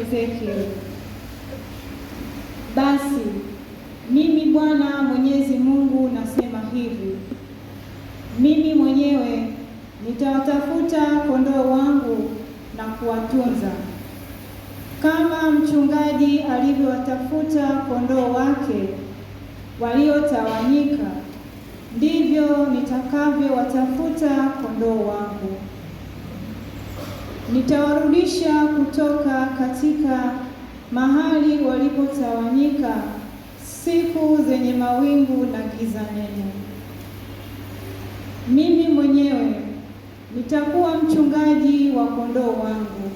Ezekiel. Basi mimi Bwana Mwenyezi Mungu nasema hivi, mimi mwenyewe nitawatafuta kondoo wangu na kuwatunza, kama mchungaji alivyowatafuta kondoo wake waliotawanyika, ndivyo nitakavyowatafuta kondoo wangu. Nitawarudisha kutoka katika mahali walipotawanyika siku zenye mawingu na giza nene. Mimi mwenyewe nitakuwa mchungaji wa kondoo wangu.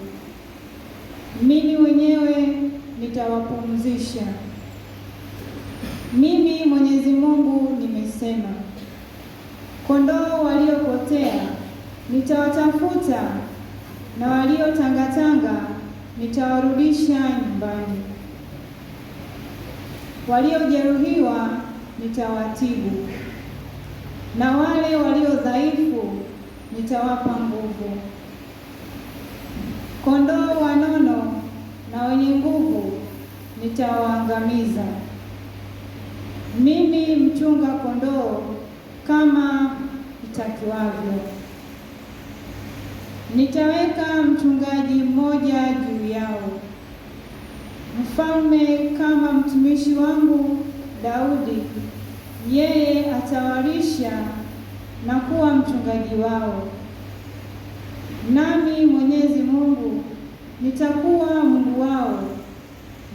Mimi mwenyewe nitawapumzisha. Mimi Mwenyezi Mungu nimesema. Kondoo waliopotea nitawatafuta na waliotangatanga nitawarudisha nyumbani, waliojeruhiwa nitawatibu, na wale walio dhaifu nitawapa nguvu. Kondoo wanono na wenye nguvu nitawaangamiza. Mimi mchunga kondoo kama itakiwavyo nitaweka mchungaji mmoja juu yao, mfalme kama mtumishi wangu Daudi, yeye atawalisha na kuwa mchungaji wao, nami Mwenyezi Mungu nitakuwa Mungu wao,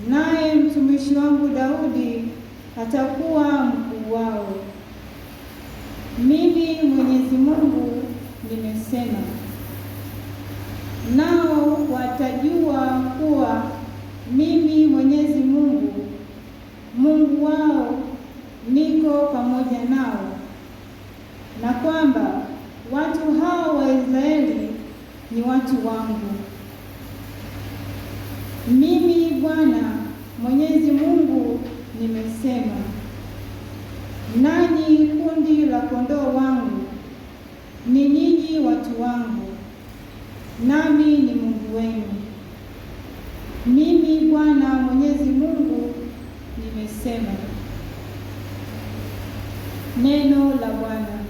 naye mtumishi wangu Daudi atakuwa mkuu wao. Mimi Mwenyezi Mungu nimesema nao watajua kuwa mimi Mwenyezi Mungu Mungu wao niko pamoja nao, na kwamba watu hao wa Israeli ni watu wangu. Mimi Bwana Mwenyezi Mungu nimesema. Nanyi kundi la kondoo wangu ni nyinyi watu wangu na wenu. Mimi Bwana Mwenyezi Mungu nimesema. Neno la Bwana.